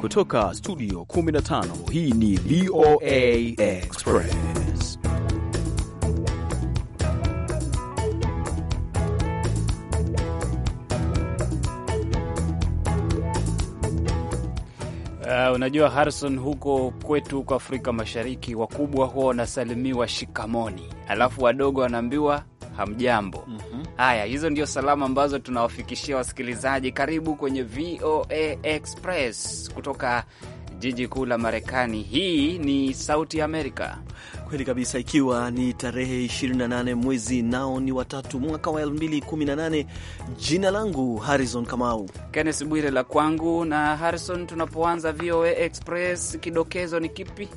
Kutoka studio 15 hii ni VOA Express. Uh, unajua Harrison, huko kwetu huko Afrika Mashariki wakubwa huwa wanasalimiwa shikamoni, alafu wadogo wanaambiwa hamjambo. mm -hmm. Haya, hizo ndio salamu ambazo tunawafikishia wasikilizaji. Karibu kwenye VOA Express kutoka jiji kuu la Marekani. Hii ni Sauti ya Amerika. Kweli kabisa, ikiwa ni tarehe 28 mwezi nao ni watatu mwaka wa 2018. Jina langu Harrison Kamau, Kennes Bwire la kwangu. Na Harrison, tunapoanza VOA Express, kidokezo ni kipi?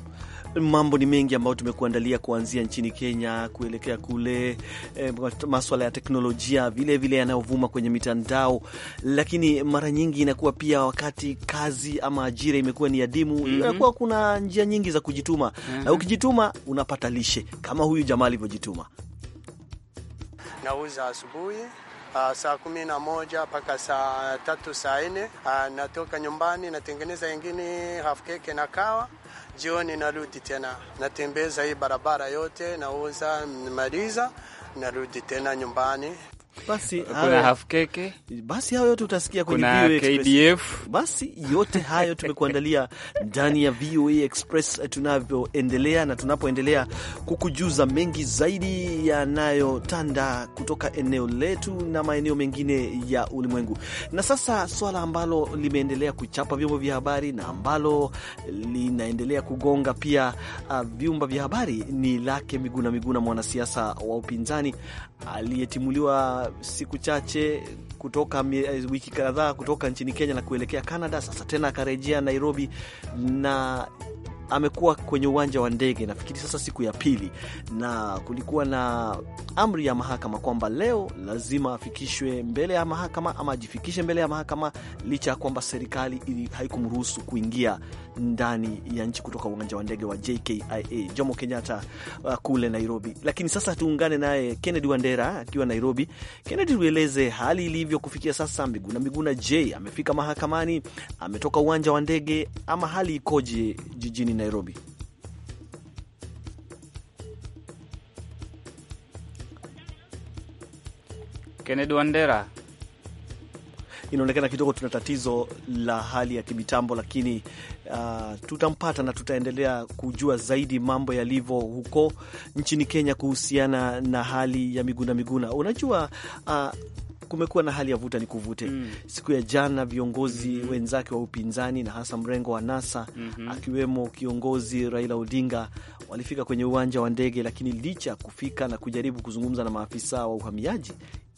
Mambo ni mengi ambayo tumekuandalia kuanzia nchini Kenya kuelekea kule e, maswala ya teknolojia vilevile yanayovuma kwenye mitandao, lakini mara nyingi inakuwa pia wakati kazi ama ajira imekuwa ni adimu mm -hmm. kuna njia nyingi za kujituma mm -hmm. Na mhm. ukijituma unapata lishe kama huyu jamaa alivyojituma. Nauza asubuhi Uh, saa kumi na moja mpaka saa tatu saa nne. Uh, natoka nyumbani natengeneza ingine half cake na kawa jioni narudi tena, natembeza hii barabara yote, nauza, nimaliza narudi tena nyumbani. Basi kuna half keke, basi hayo yote utasikia kwenye VOA KDF. Basi yote hayo tumekuandalia ndani ya VOA Express eh, tunavyoendelea na tunapoendelea kukujuza mengi zaidi yanayotanda kutoka eneo letu na maeneo mengine ya ulimwengu. Na sasa swala ambalo limeendelea kuchapa vyombo vya habari na ambalo linaendelea kugonga pia uh, vyumba vya habari ni lake Miguna Miguna, mwanasiasa wa upinzani aliyetimuliwa siku chache kutoka eh, wiki kadhaa kutoka nchini Kenya na kuelekea Canada. Sasa tena akarejea Nairobi na amekuwa kwenye uwanja wa ndege, nafikiri sasa siku ya pili, na kulikuwa na amri ya mahakama kwamba leo lazima afikishwe mbele ya mahakama ama ajifikishe mbele ya mahakama, licha ya kwamba serikali haikumruhusu kuingia ndani ya nchi kutoka uwanja wa ndege wa JKIA Jomo Kenyatta uh, kule Nairobi. Lakini sasa tuungane naye Kennedy Wandera akiwa Nairobi. Kennedy, tueleze hali ilivyo kufikia sasa. Miguna Miguna, J amefika mahakamani? Ametoka uwanja wa ndege ama hali ikoje jijini Nairobi? Nairobi. Kennedy Wandera, inaonekana kidogo tuna tatizo la hali ya kimitambo, lakini uh, tutampata na tutaendelea kujua zaidi mambo yalivyo huko nchini Kenya kuhusiana na hali ya Miguna Miguna. Unajua uh, kumekuwa na hali ya vuta ni kuvute mm. Siku ya jana viongozi mm -hmm. wenzake wa upinzani na hasa mrengo wa NASA mm -hmm. akiwemo kiongozi Raila Odinga walifika kwenye uwanja wa ndege, lakini licha ya kufika na kujaribu kuzungumza na maafisa wa uhamiaji,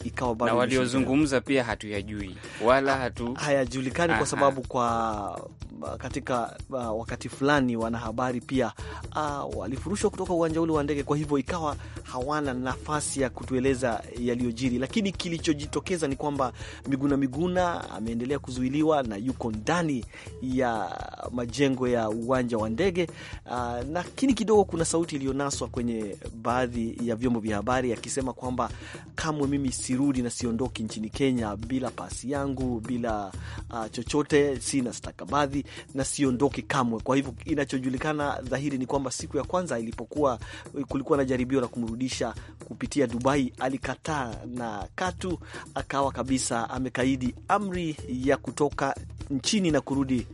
ikawa bado na waliozungumza pia hatuyajui wala hatu hayajulikani kwa ah, ah. sababu kwa katika uh, wakati fulani wanahabari pia uh, walifurushwa kutoka uwanja ule wa ndege, kwa hivyo ikawa hawana nafasi ya kutueleza yaliyojiri, lakini kilichojitokeza ni kwamba Miguna Miguna ameendelea kuzuiliwa na yuko ndani ya majengo ya uwanja wa ndege, lakini kidogo kuna sauti iliyonaswa kwenye baadhi ya vyombo vya habari akisema kwamba kamwe mimi sirudi na siondoki nchini Kenya bila pasi yangu, bila uh, chochote, sina stakabadhi na siondoki kamwe. Kwa hivyo inachojulikana dhahiri ni kwamba siku ya kwanza ilipokuwa eh, kulikuwa na jaribio la kumrudisha kupitia Dubai, alikataa na katu akawa kabisa amekaidi amri ya kutoka nchini na kurudi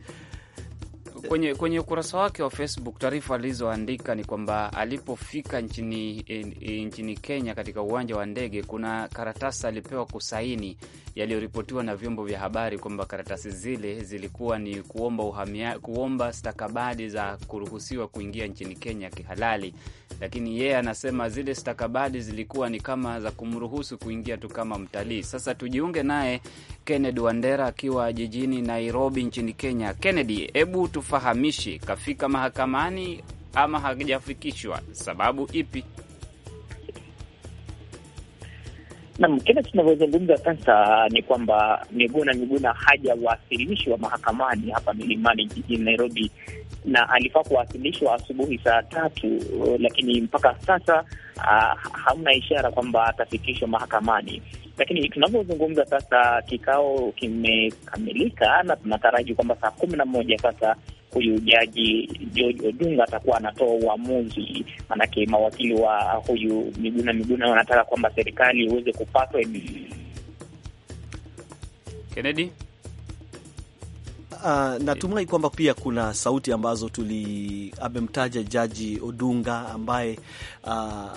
kwenye, kwenye ukurasa wake wa Facebook, taarifa alizoandika ni kwamba alipofika nchini, eh, nchini Kenya katika uwanja wa ndege kuna karatasi alipewa kusaini yaliyoripotiwa na vyombo vya habari kwamba karatasi zile zilikuwa ni kuomba uhamia, kuomba stakabadi za kuruhusiwa kuingia nchini Kenya kihalali, lakini yeye anasema zile stakabadi zilikuwa ni kama za kumruhusu kuingia tu kama mtalii. Sasa tujiunge naye Kennedy Wandera akiwa jijini Nairobi nchini Kenya. Kennedy, hebu tufahamishi, kafika mahakamani ama hajafikishwa, sababu ipi? nam kile tunavyozungumza sasa ni kwamba Miguna Miguna wa mahakamani hapa Milimani jijini Nairobi, na alifaa kuwasilishwa asubuhi saa tatu, lakini mpaka sasa uh, hamna ishara kwamba atafikishwa mahakamani. Lakini tunavyozungumza sasa, kikao kimekamilika na tunataraji kwamba saa kumi na moja sasa huyu jaji George Odunga atakuwa anatoa uamuzi. Maanake mawakili wa huyu Miguna Miguna wanataka kwamba serikali iweze kupatwa. Kennedy. Uh, natumai kwamba pia kuna sauti ambazo tuli amemtaja jaji Odunga ambaye uh,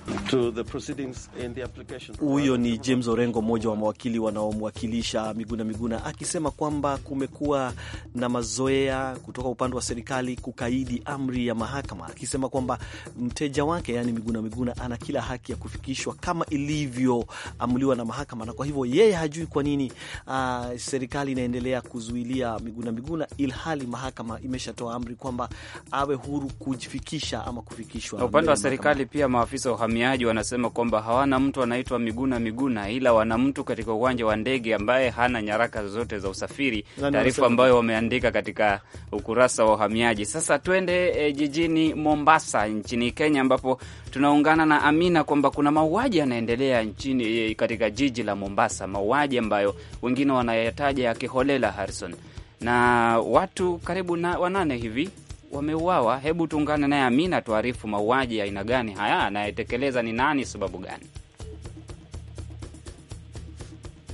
Huyo ni James Orengo, mmoja wa mawakili wanaomwakilisha Miguna Miguna, akisema kwamba kumekuwa na mazoea kutoka upande wa serikali kukaidi amri ya mahakama, akisema kwamba mteja wake, yani Miguna Miguna, ana kila haki ya kufikishwa kama ilivyoamliwa na mahakama, na kwa hivyo yeye hajui kwa nini uh, serikali inaendelea kuzuilia Miguna Miguna ilhali mahakama imeshatoa amri kwamba awe huru kujifikisha ama kufikishwa. Upande wa serikali pia maafisa wa uhamiaji wahamiaji wanasema kwamba hawana mtu anaitwa Miguna Miguna, ila wana mtu katika uwanja wa ndege ambaye hana nyaraka zozote za usafiri, taarifa ambayo wameandika katika ukurasa wa uhamiaji Sasa twende e, jijini Mombasa nchini Kenya, ambapo tunaungana na Amina kwamba kuna mauaji yanaendelea nchini e, katika jiji la Mombasa, mauaji ambayo wengine wanayataja ya kiholela, Harrison, na watu karibu na wanane hivi wameuawa. Hebu tuungane naye Amina tuarifu mauaji ya aina gani haya, anayetekeleza ni nani, sababu gani?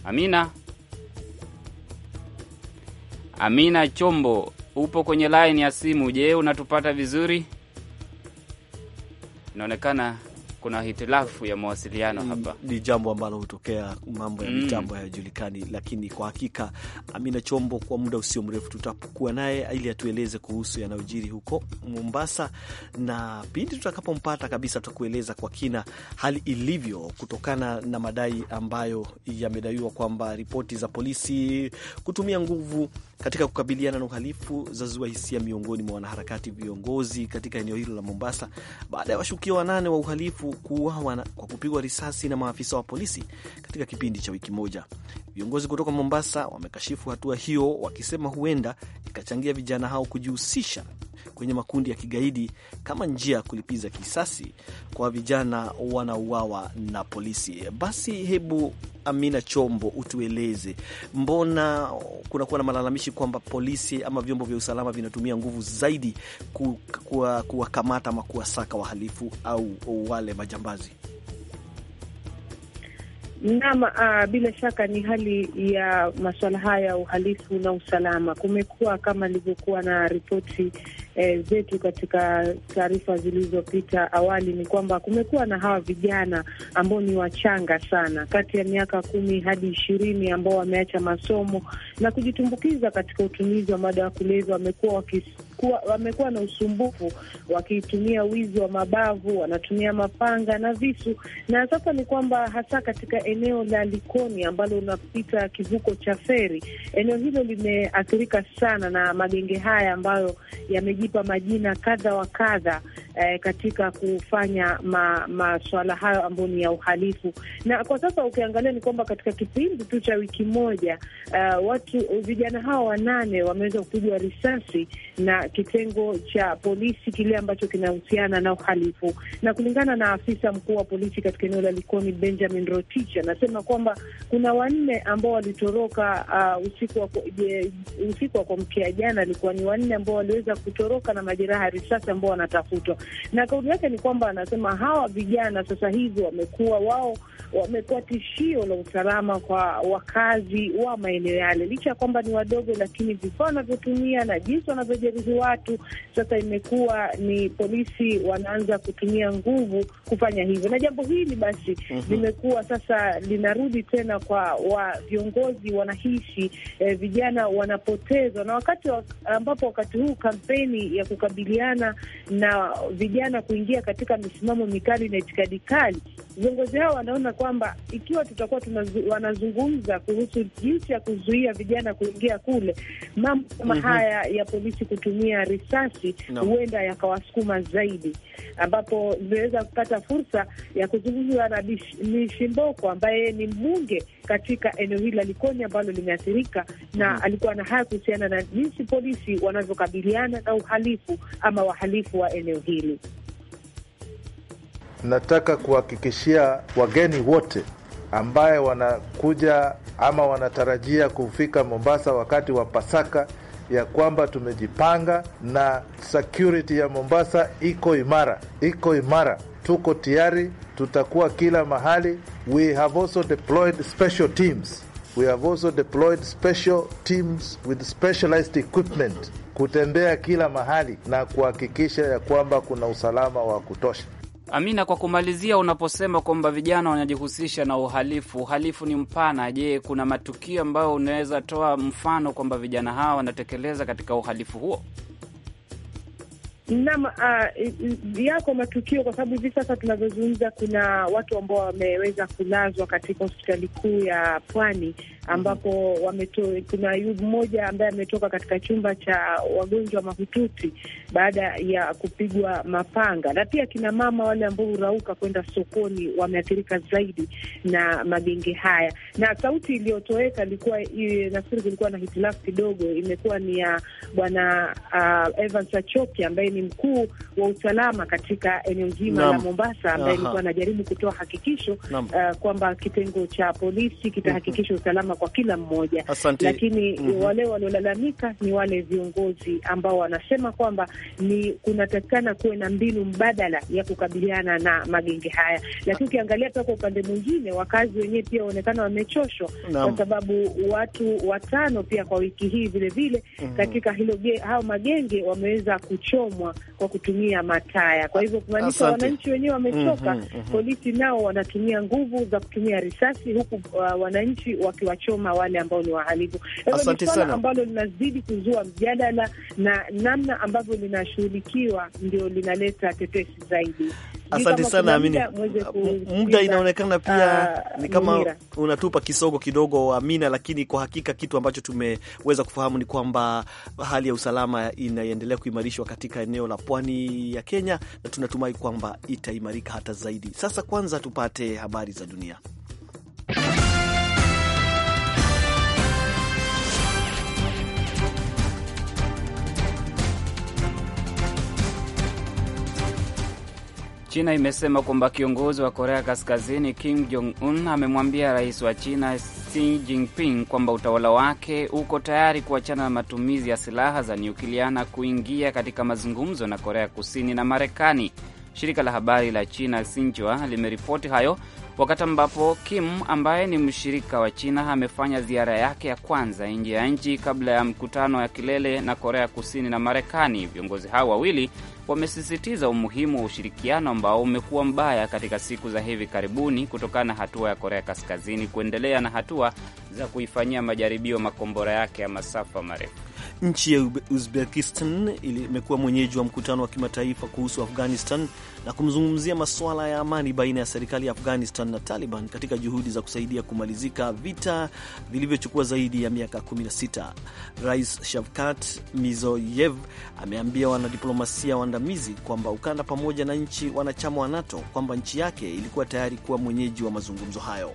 Amina, Amina Chombo, upo kwenye laini ya simu. Je, unatupata vizuri? Inaonekana kuna hitilafu ya mawasiliano mm, hapa, ni jambo ambalo hutokea, mambo ya mm. mitambo mm, hayajulikani. Lakini kwa hakika Amina Chombo, kwa muda usio mrefu tutakuwa naye ili atueleze kuhusu yanayojiri huko Mombasa, na pindi tutakapompata kabisa tutakueleza kwa kina hali ilivyo, kutokana na madai ambayo yamedaiwa kwamba ripoti za polisi kutumia nguvu katika kukabiliana na uhalifu zazua hisia miongoni mwa wanaharakati viongozi katika eneo hilo la Mombasa baada ya washukiwa wanane wa uhalifu kuuawa kwa kupigwa risasi na maafisa wa polisi katika kipindi cha wiki moja. Viongozi kutoka Mombasa wamekashifu hatua hiyo, wakisema huenda ikachangia vijana hao kujihusisha kwenye makundi ya kigaidi kama njia ya kulipiza kisasi kwa vijana wanauawa na polisi. Basi hebu Amina Chombo, utueleze mbona kunakuwa na malalamishi kwamba polisi ama vyombo vya usalama vinatumia nguvu zaidi kuwakamata ama kuwasaka wahalifu au wale majambazi? Naam, uh, bila shaka ni hali ya masuala haya ya uhalifu na usalama. Kumekuwa kama ilivyokuwa na ripoti eh, zetu katika taarifa zilizopita awali ni kwamba kumekuwa na hawa vijana ambao ni wachanga sana, kati ya miaka kumi hadi ishirini ambao wameacha masomo na kujitumbukiza katika utumizi wa madawa ya kulevya, wamekuwa wamekuwa na usumbufu wakitumia wizi wa mabavu, wanatumia mapanga na visu, na sasa ni kwamba hasa katika eneo la Likoni ambalo unapita kivuko cha feri, eneo hilo limeathirika sana na magenge haya ambayo yamejipa majina kadha wa kadha eh, katika kufanya ma, maswala hayo ambayo ni ya uhalifu. Na kwa sasa ukiangalia ni kwamba katika kipindi tu cha wiki moja uh, watu vijana hawa wanane wameweza kupigwa risasi na kitengo cha polisi kile ambacho kinahusiana na uhalifu, na kulingana na afisa mkuu wa polisi katika eneo la Likoni Benjamin Rotich anasema kwamba kuna wanne ambao walitoroka uh, usiku wa usiku wa kuamkia jana, alikuwa ni wanne ambao waliweza kutoroka na majeraha ya risasi ambao wanatafutwa na kauli yake ni kwamba anasema hawa vijana sasa hivi wamekuwa wao wamekuwa tishio la usalama kwa wakazi wa maeneo yale, licha ya kwamba ni wadogo, lakini vifaa wanavyotumia na jinsi wanavyojeruhi watu, sasa imekuwa ni polisi wanaanza kutumia nguvu kufanya hivyo, na jambo hili basi mhm. limekuwa mm -hmm. Sasa linarudi tena kwa wa viongozi wanahisi eh, vijana wanapotezwa, na wakati ambapo wakati huu kampeni ya kukabiliana na vijana kuingia katika misimamo mikali na itikadi kali. Viongozi hao wanaona kwamba ikiwa tutakuwa wanazungumza kuhusu jinsi ya kuzuia vijana kuingia kule, mambo kama mm -hmm. haya ya polisi kutumia risasi huenda no. yakawasukuma zaidi, ambapo nimeweza kupata fursa ya kuzungumza na Mishimboko ambaye ni mbunge katika eneo hili la Likoni ambalo limeathirika na mm alikuwa na haya kuhusiana na jinsi polisi wanavyokabiliana na uhalifu ama wahalifu wa eneo hili. Nataka kuhakikishia wageni wote ambaye wanakuja ama wanatarajia kufika Mombasa wakati wa Pasaka ya kwamba tumejipanga na security ya Mombasa iko imara, iko imara, tuko tayari, tutakuwa kila mahali We have also deployed special teams. We have also deployed special teams with specialized equipment kutembea kila mahali na kuhakikisha ya kwamba kuna usalama wa kutosha. Amina, kwa kumalizia, unaposema kwamba vijana wanajihusisha na uhalifu, uhalifu ni mpana. Je, kuna matukio ambayo unaweza toa mfano kwamba vijana hawa wanatekeleza katika uhalifu huo? Naam, uh, yako matukio kwa sababu hivi sasa tunavyozungumza kuna watu ambao wameweza kulazwa katika hospitali kuu ya Pwani mhm. ambapo wameto, kuna yu mmoja ambaye ametoka katika chumba cha wagonjwa mahututi baada ya kupigwa mapanga, na pia kina mama wale ambao hurauka kwenda sokoni wameathirika zaidi na magenge haya, na sauti iliyotoweka ilikuwa nafikiri kulikuwa na hitilafu kidogo, imekuwa ni ya bwana uh, Evans Achoki ambaye ni mkuu wa usalama katika eneo zima la Mombasa, ambaye alikuwa anajaribu kutoa hakikisho uh, kwamba kitengo cha polisi kitahakikisha mm -hmm. usalama kwa kila mmoja. Asante. Lakini mm -hmm. wale waliolalamika ni wale viongozi ambao wanasema kwamba ni kunatakikana kuwe na mbinu mbadala ya kukabiliana na magenge haya, lakini ukiangalia pia kwa upande mwingine, wakazi wenyewe pia waonekana wamechoshwa kwa sababu watu watano pia kwa wiki hii vilevile vile, mm -hmm. katika hilo hao magenge wameweza kuchomwa kukamua kwa kutumia mataya. Kwa hivyo kumaanisha wananchi wenyewe wamechoka. mm -hmm, mm -hmm. Polisi nao wanatumia nguvu za kutumia risasi, huku uh, wananchi wakiwachoma wale ambao ni wahalifu. Hivyo ni swala ambalo linazidi kuzua mjadala na namna ambavyo linashughulikiwa ndio linaleta tetesi zaidi. Asante sana Amina, muda inaonekana ah, pia uh, ni kama mira, unatupa kisogo kidogo Amina, lakini kwa hakika kitu ambacho tumeweza kufahamu ni kwamba hali ya usalama inaendelea kuimarishwa katika eneo la pwani ya Kenya na tunatumai kwamba itaimarika hata zaidi. Sasa kwanza tupate habari za dunia. China imesema kwamba kiongozi wa Korea Kaskazini Kim Jong Un amemwambia rais wa China Xi Jinping kwamba utawala wake uko tayari kuachana na matumizi ya silaha za nyuklia na kuingia katika mazungumzo na Korea Kusini na Marekani. Shirika la habari la China Xinhua limeripoti hayo wakati ambapo Kim ambaye ni mshirika wa China amefanya ziara yake ya kwanza nje ya nchi kabla ya mkutano ya kilele na Korea Kusini na Marekani. Viongozi hao wawili wamesisitiza umuhimu wa ushirikiano ambao umekuwa mbaya katika siku za hivi karibuni kutokana na hatua ya Korea Kaskazini kuendelea na hatua za kuifanyia majaribio makombora yake ya masafa marefu. Nchi ya Uzbekistan imekuwa mwenyeji wa mkutano wa kimataifa kuhusu Afghanistan na kumzungumzia masuala ya amani baina ya serikali ya Afghanistan na Taliban katika juhudi za kusaidia kumalizika vita vilivyochukua zaidi ya miaka 16. Rais Shavkat Mizoyev ameambia wanadiplomasia waandamizi kwamba ukanda pamoja na nchi wanachama wa NATO kwamba nchi yake ilikuwa tayari kuwa mwenyeji wa mazungumzo hayo.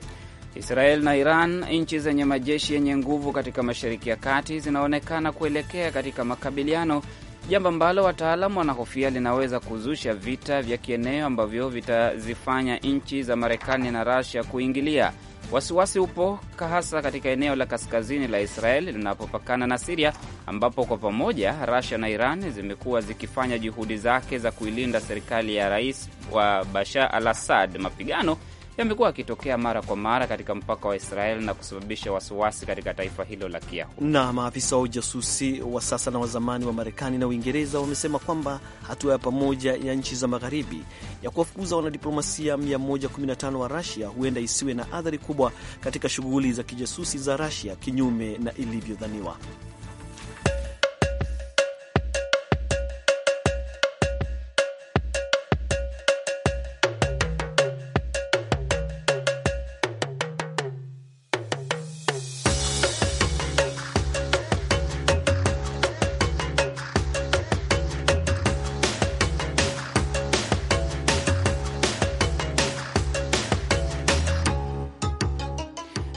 Israel na Iran, nchi zenye majeshi yenye nguvu katika Mashariki ya Kati, zinaonekana kuelekea katika makabiliano, jambo ambalo wataalamu wanahofia linaweza kuzusha vita vya kieneo ambavyo vitazifanya nchi za Marekani na Rasia kuingilia. Wasiwasi upo hasa katika eneo la kaskazini la Israel linapopakana na Siria, ambapo kwa pamoja Rasia na Iran zimekuwa zikifanya juhudi zake za kuilinda serikali ya rais wa Bashar al Assad. Mapigano yamekuwa yakitokea mara kwa mara katika mpaka wa israel na kusababisha wasiwasi katika taifa hilo la Kiyahudi. Na maafisa wa ujasusi wa sasa na wa zamani wa Marekani na Uingereza wamesema kwamba hatua ya pamoja ya nchi za magharibi ya kuwafukuza wanadiplomasia 115 wa Rusia huenda isiwe na athari kubwa katika shughuli za kijasusi za Rusia, kinyume na ilivyodhaniwa.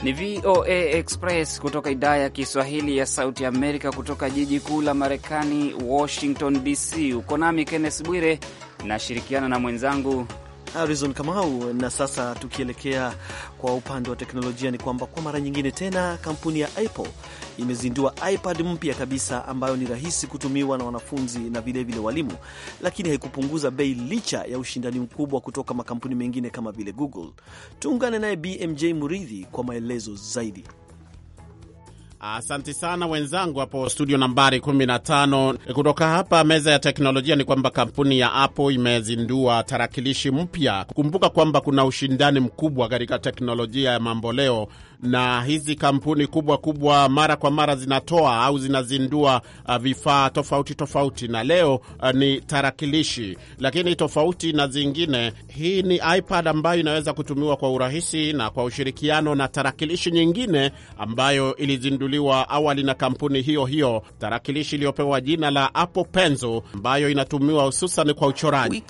Ni VOA Express kutoka idhaa ya Kiswahili ya Sauti Amerika, kutoka jiji kuu la Marekani, Washington DC. Uko nami Kennes Bwire, nashirikiana na mwenzangu Harrison Kamau. Na sasa tukielekea kwa upande wa teknolojia, ni kwamba kwa mara nyingine tena kampuni ya Apple imezindua iPad mpya kabisa ambayo ni rahisi kutumiwa na wanafunzi na vilevile walimu, lakini haikupunguza bei licha ya ushindani mkubwa kutoka makampuni mengine kama vile Google. Tuungane naye BMJ Muridhi kwa maelezo zaidi. Asante sana wenzangu hapo studio nambari 15. Kutoka hapa meza ya teknolojia, ni kwamba kampuni ya Apple imezindua tarakilishi mpya. Kumbuka kwamba kuna ushindani mkubwa katika teknolojia ya mamboleo na hizi kampuni kubwa kubwa mara kwa mara zinatoa au zinazindua uh, vifaa tofauti tofauti, na leo uh, ni tarakilishi, lakini tofauti na zingine, hii ni iPad ambayo inaweza kutumiwa kwa urahisi na kwa ushirikiano na tarakilishi nyingine ambayo ilizinduliwa awali na kampuni hiyo hiyo, tarakilishi iliyopewa jina la Apple Pencil ambayo inatumiwa hususan kwa uchoraji.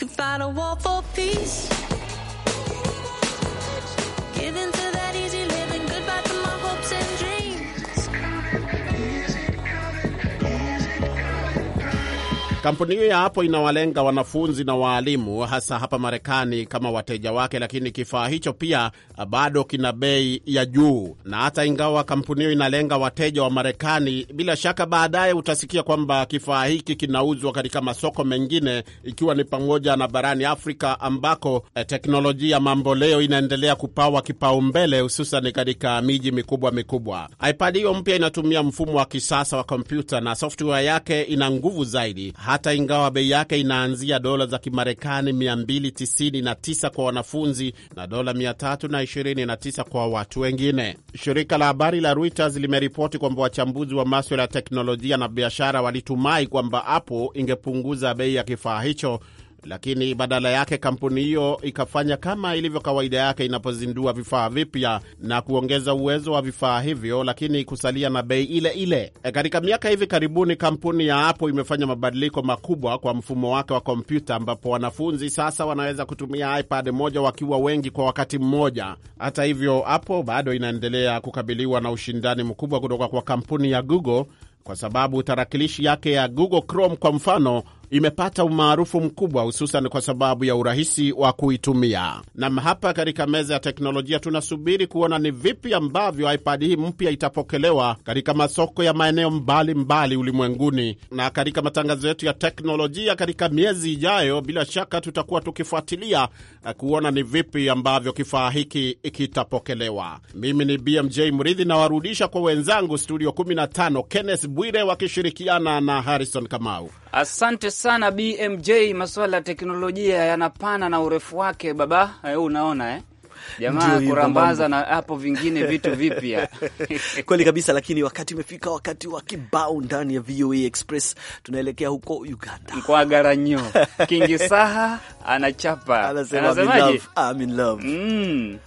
Kampuni hiyo ya hapo inawalenga wanafunzi na waalimu hasa hapa Marekani kama wateja wake, lakini kifaa hicho pia bado kina bei ya juu, na hata ingawa kampuni hiyo inalenga wateja wa Marekani, bila shaka baadaye utasikia kwamba kifaa hiki kinauzwa katika masoko mengine, ikiwa ni pamoja na barani Afrika ambako eh, teknolojia mambo leo inaendelea kupawa kipaumbele, hususan katika miji mikubwa mikubwa. iPad hiyo mpya inatumia mfumo wa kisasa wa kompyuta na software yake ina nguvu zaidi hata ingawa bei yake inaanzia dola za Kimarekani 299 kwa wanafunzi na dola 329 kwa watu wengine. Shirika la habari la Reuters limeripoti kwamba wachambuzi wa maswala ya teknolojia na biashara walitumai kwamba Apple ingepunguza bei ya kifaa hicho lakini badala yake kampuni hiyo ikafanya kama ilivyo kawaida yake inapozindua vifaa vipya na kuongeza uwezo wa vifaa hivyo, lakini kusalia na bei ile ile. E, katika miaka hivi karibuni kampuni ya Apple imefanya mabadiliko makubwa kwa mfumo wake wa kompyuta, ambapo wanafunzi sasa wanaweza kutumia iPad moja wakiwa wengi kwa wakati mmoja. Hata hivyo, Apple bado inaendelea kukabiliwa na ushindani mkubwa kutoka kwa kampuni ya Google kwa sababu tarakilishi yake ya Google Chrome kwa mfano imepata umaarufu mkubwa, hususan kwa sababu ya urahisi wa kuitumia. Na hapa katika meza ya teknolojia tunasubiri kuona ni vipi ambavyo iPad hii mpya itapokelewa katika masoko ya maeneo mbalimbali ulimwenguni. Na katika matangazo yetu ya teknolojia katika miezi ijayo, bila shaka tutakuwa tukifuatilia eh, kuona ni vipi ambavyo kifaa hiki kitapokelewa. Mimi ni BMJ Mridhi, nawarudisha kwa wenzangu studio 15, Kenneth Bwire wakishirikiana na Harrison Kamau. Asante sana BMJ, masuala ya teknolojia yanapana na urefu wake baba. Eh, unaona eh? Jamaa kurambaza na hapo vingine vitu vipya kweli kabisa. Lakini wakati umefika, wakati wa kibao ndani ya VOA Express. Tunaelekea huko Uganda kwa Garanyo Kingi Saha anachapa anasema, I'm in love. I'm in love. Mm.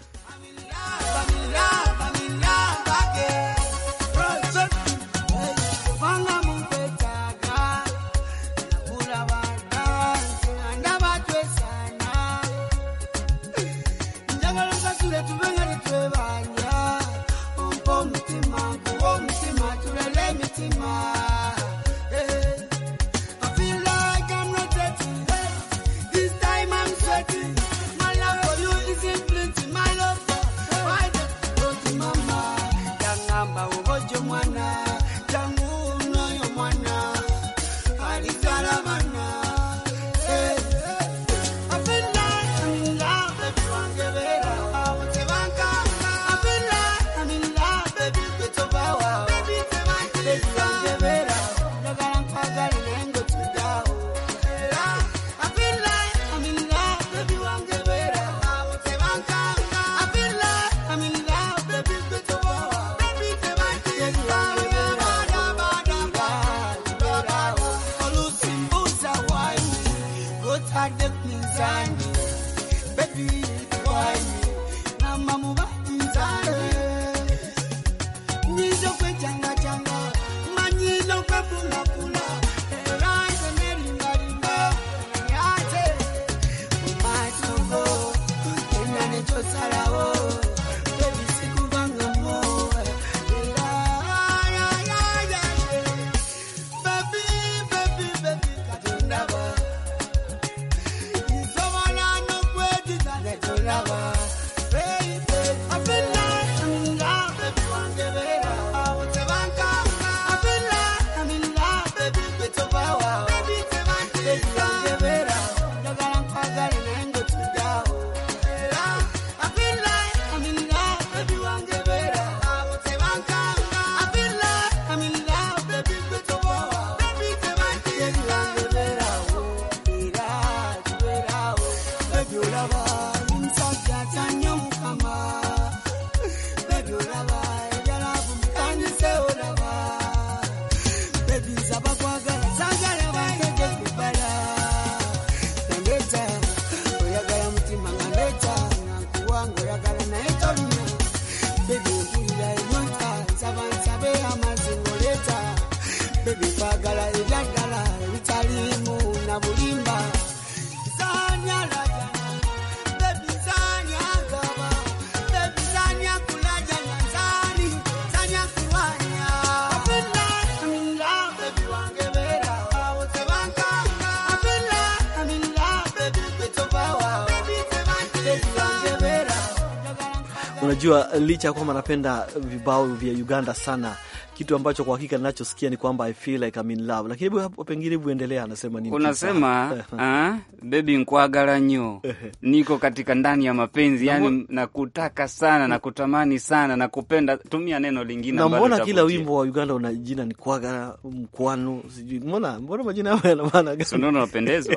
Unajua, licha ya kwamba napenda vibao vya Uganda sana kitu ambacho kwa hakika ninachosikia ni kwamba I feel like I'm in love, lakini hapo pengine, hebu endelea. Anasema nini? Unasema ah, baby nkwagala nyo, niko katika ndani ya mapenzi, yani nakutaka sana, na kutamani sana, na kupenda, Tumia neno lingine ambalo mbona kila wimbo wa Uganda una jina ni kwagala mkwano, sijui mbona, mbona majina hayo yana maana gani? Unaona, unapendezwa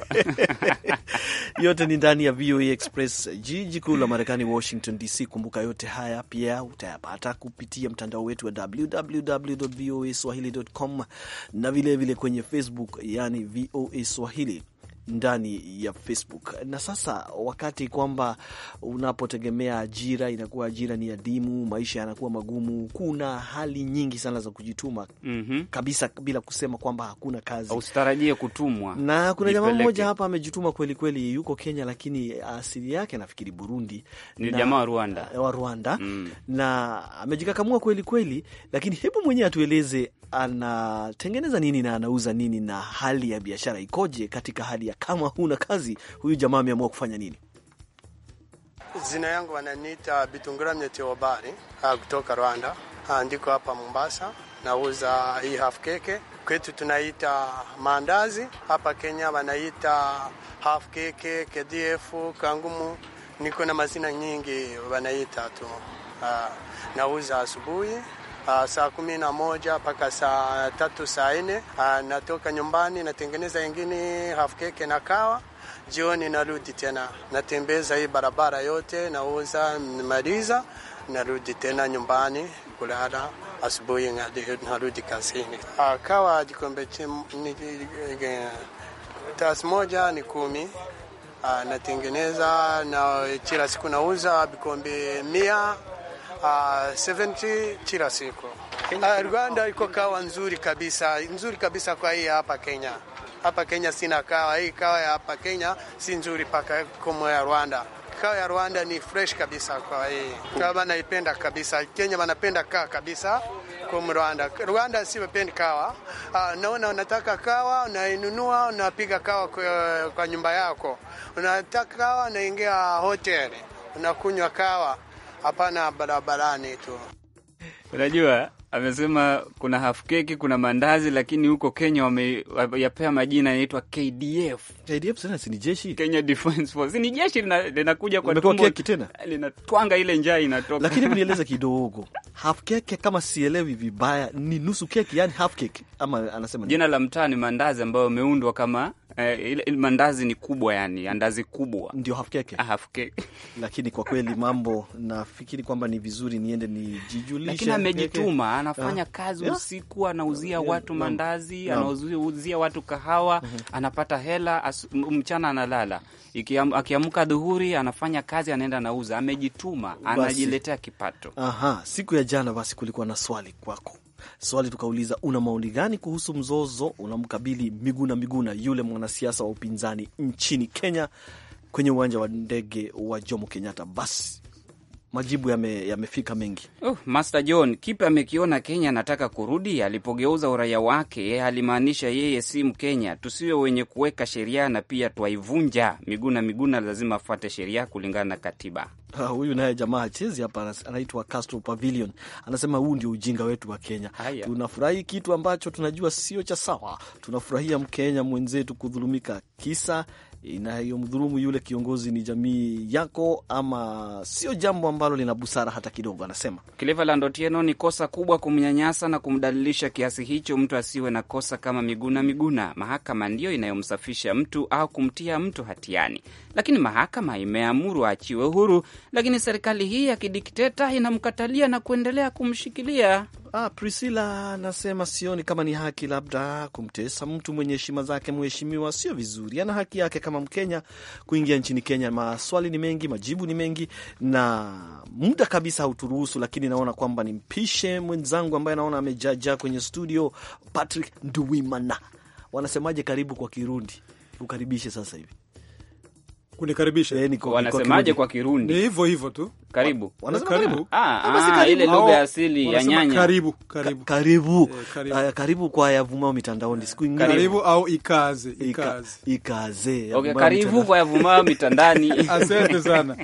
yote ni ndani ya VOA Express, jiji kuu la Marekani, Washington DC. Kumbuka yote haya pia utayapata kupitia mtandao wetu wa www www.voaswahili.com na vilevile vile kwenye Facebook yani VOA Swahili ndani ya Facebook. Na sasa wakati kwamba unapotegemea ajira inakuwa ajira ni adimu, maisha yanakuwa magumu, kuna hali nyingi sana za kujituma mm -hmm. kabisa bila kusema kwamba hakuna kazi, usitarajie kutumwa. Na kuna jamaa mmoja hapa amejituma kweli kweli, yuko Kenya lakini asili yake nafikiri Burundi, ni jamaa wa Rwanda, wa Rwanda mm. na amejikakamua kweli kweli, lakini hebu mwenyewe atueleze anatengeneza nini na anauza nini na hali ya biashara ikoje katika hali kuangalia kama huna kazi, huyu jamaa ameamua kufanya nini? Jina yangu wananiita Bitunguramye Theobari kutoka Rwanda, andiko hapa Mombasa, nauza hii half keke kwetu tunaita maandazi, hapa Kenya wanaita half keke, KDF, kangumu. Niko na mazina nyingi wanaita tu. Nauza asubuhi uh, saa kumi na moja mpaka saa tatu saa nne uh, natoka nyumbani natengeneza ingine half cake na kawa jioni narudi tena natembeza hii barabara yote, nauza nimaliza, narudi tena nyumbani kulala. Asubuhi narudi kazini. Ah, kawa kikombe eh, tasi moja ni kumi, natengeneza na kila siku nauza vikombe mia uh, ah, 70 kila siku. Uh, Rwanda iko kawa nzuri kabisa, nzuri kabisa kwa hii hapa Kenya. Hapa Kenya sina kawa, hii kawa ya hapa Kenya si nzuri paka kama ya Rwanda. Kawa ya Rwanda ni fresh kabisa kwa hii. Kawa wanaipenda kabisa. Kenya wanapenda kawa kabisa. Kwa Rwanda. Rwanda si wapendi kawa. Uh, naona unataka kawa, unainunua, unapiga kawa kwa, kwa nyumba yako. Unataka kawa, unaingia hoteli, unakunywa kawa. Hapana, barabarani tu. Unajua, amesema kuna half keki, kuna mandazi, lakini huko Kenya wameyapea majina yanaitwa KDF. KDF sana si jeshi, Kenya Defence Force ni jeshi, linakuja kwa tumbo tena linatwanga ile njaa inatoka. Lakini nieleze kidogo, half keki kama sielewi vibaya, ni nusu keki, yani half keki, ama anasema jina la mtaa ni mandazi ambayo ameundwa kama Eh, mandazi ni kubwa, yani andazi kubwa ndio half cake. Ah, half cake. Lakini kwa kweli mambo nafikiri kwamba ni vizuri niende nijijulishe. Lakini amejituma anafanya ah. kazi yeah, usiku anauzia yeah, watu mandazi yeah, anauzia watu kahawa mm anapata hela as, mchana analala akiamka dhuhuri anafanya kazi anaenda nauza. Amejituma anajiletea kipato. Aha, siku ya jana basi kulikuwa na swali kwako swali tukauliza, una maoni gani kuhusu mzozo unamkabili Miguna Miguna, yule mwanasiasa wa upinzani nchini Kenya, kwenye uwanja wa ndege wa Jomo Kenyatta. Basi majibu yamefika me, ya mengi. Oh, Master John, kipe amekiona Kenya anataka kurudi? Alipogeuza uraia wake alimaanisha yeye si Mkenya. Tusiwe wenye kuweka sheria na pia twaivunja. Miguna Miguna lazima afuate sheria kulingana na katiba. Ha, ah, huyu naye jamaa hachezi hapa, anaitwa Castro Pavilion, anasema huu ndio ujinga wetu wa Kenya. Haya, tunafurahi kitu ambacho tunajua sio cha sawa, tunafurahia Mkenya mwenzetu kudhulumika kisa inayomdhulumu yule kiongozi ni jamii yako, ama sio jambo ambalo lina busara hata kidogo. Anasema Cleveland Otieno, ni kosa kubwa kumnyanyasa na kumdalilisha kiasi hicho. Mtu asiwe na kosa kama Miguna Miguna. Mahakama ndiyo inayomsafisha mtu au kumtia mtu hatiani, lakini mahakama imeamuru aachiwe huru, lakini serikali hii ya kidikteta inamkatalia na kuendelea kumshikilia. Ah, Priscilla anasema sioni kama ni haki, labda kumtesa mtu mwenye heshima zake mheshimiwa sio vizuri. Ana haki yake kama Mkenya kuingia nchini Kenya. Maswali ni mengi, majibu ni mengi na muda kabisa hauturuhusu, lakini naona kwamba nimpishe mwenzangu ambaye naona amejaja kwenye studio, Patrick Nduwimana. Wanasemaje karibu kwa Kirundi? Ukaribishe sasa hivi kunikaribisha. Yeye eh, wanasemaje kwa Kirundi? Ni hivyo hivyo tu. Karibu. Wanasema karibu. Ah, ah ile lugha ya asili ya nyanya. Karibu, karibu. Karibu. Eh, karibu kwa yavumao mitandaoni siku nyingi. Karibu au ikaze, ikaze. Ikaze. Okay, karibu kwa yavumao mitandani. Asante sana.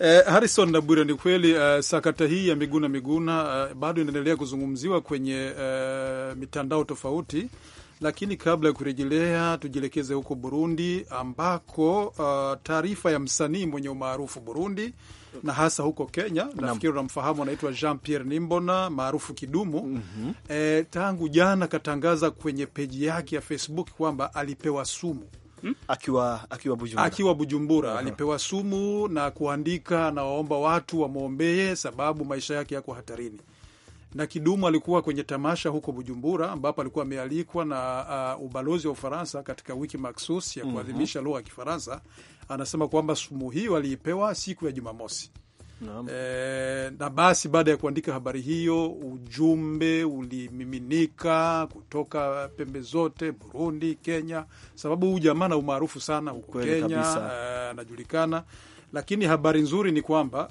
Eh, Harrison na Bure, ni kweli uh, sakata hii ya Miguna Miguna uh, bado inaendelea kuzungumziwa kwenye uh, mitandao tofauti lakini kabla ya kurejelea, tujielekeze huko Burundi ambako uh, taarifa ya msanii mwenye umaarufu Burundi na hasa huko Kenya, nafikiri unamfahamu, anaitwa Jean Pierre Nimbona maarufu Kidumu. mm -hmm. E, tangu jana katangaza kwenye peji yake ya Facebook kwamba alipewa sumu Hmm? Akiwa, akiwa Bujumbura, akiwa Bujumbura. Uh -huh. Alipewa sumu na kuandika, anawaomba watu wamwombee sababu maisha yake yako hatarini na Kidumu alikuwa kwenye tamasha huko Bujumbura, ambapo alikuwa amealikwa na uh, ubalozi wa Ufaransa katika wiki maksus ya mhm. kuadhimisha lugha ya Kifaransa. Anasema kwamba sumu hiyo aliipewa siku ya Jumamosi. E, na basi baada ya kuandika habari hiyo, ujumbe ulimiminika kutoka pembe zote, Burundi, Kenya, sababu huu jamaa na umaarufu sana huko Kenya, eh, anajulikana uh, lakini habari nzuri ni kwamba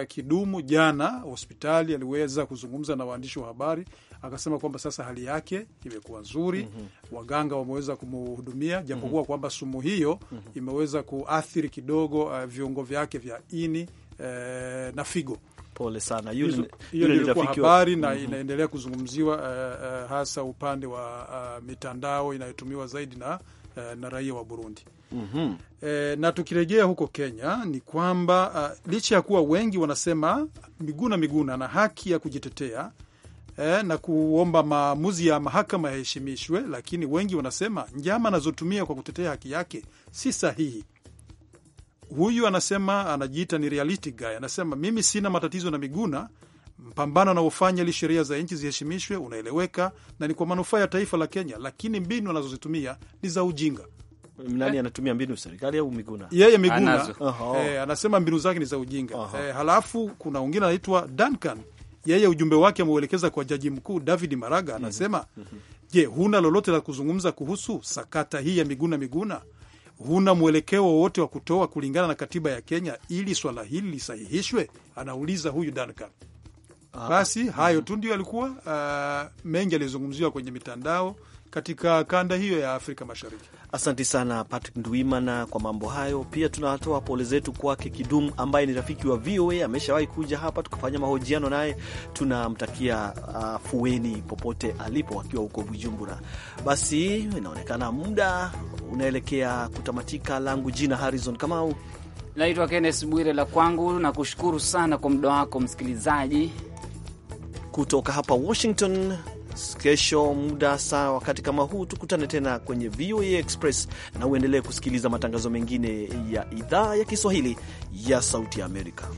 uh, Kidumu jana hospitali aliweza kuzungumza na waandishi wa habari, akasema kwamba sasa hali yake imekuwa nzuri. mm -hmm. Waganga wameweza kumhudumia japokuwa, mm -hmm. kwamba sumu hiyo mm -hmm. imeweza kuathiri kidogo uh, viungo vyake vya ini uh, na figo. Pole sana. Hiyo ilikuwa habari na mm -hmm. inaendelea kuzungumziwa uh, uh, hasa upande wa uh, mitandao inayotumiwa zaidi na Eh, na raia wa Burundi. mm -hmm. E, na tukirejea huko Kenya ni kwamba uh, licha ya kuwa wengi wanasema Miguna Miguna na haki ya kujitetea eh, na kuomba maamuzi ya mahakama yaheshimishwe, lakini wengi wanasema njama anazotumia kwa kutetea haki yake si sahihi. Huyu anasema anajiita ni reality guy, anasema mimi sina matatizo na Miguna Mpambano anaofanya ili sheria za nchi ziheshimishwe unaeleweka na ni kwa manufaa ya taifa la Kenya, lakini mbinu anazozitumia ni za ujinga. Nani anatumia mbinu, serikali au Miguna? Yeye Miguna eh, anasema mbinu zake ni za ujinga eh. Halafu kuna wengine anaitwa Duncan, yeye ujumbe wake ameuelekeza kwa jaji mkuu David Maraga, mhm. anasema mhm. je, huna lolote la kuzungumza kuhusu sakata hii ya Miguna Miguna? Huna mwelekeo wowote wa kutoa kulingana na katiba ya Kenya ili swala hili lisahihishwe? Anauliza huyu Duncan. Ah. Basi hayo tu ndio yalikuwa uh, mengi yaliyozungumziwa kwenye mitandao katika kanda hiyo ya Afrika Mashariki. asanti sana Patrick Ndwimana kwa mambo hayo. Pia tunatoa pole zetu kwake Kidum ambaye ni rafiki wa VOA, ameshawahi kuja hapa tukafanya mahojiano naye. Tunamtakia uh, fueni popote alipo akiwa huko Bujumbura. Basi inaonekana muda unaelekea kutamatika. Langu jina Harrison Kamau, naitwa kennes Bwire la kwangu na kushukuru sana kwa muda wako msikilizaji kutoka hapa Washington. Kesho muda saa wakati kama huu tukutane tena kwenye VOA Express, na uendelee kusikiliza matangazo mengine ya idhaa ya Kiswahili ya Sauti ya Amerika.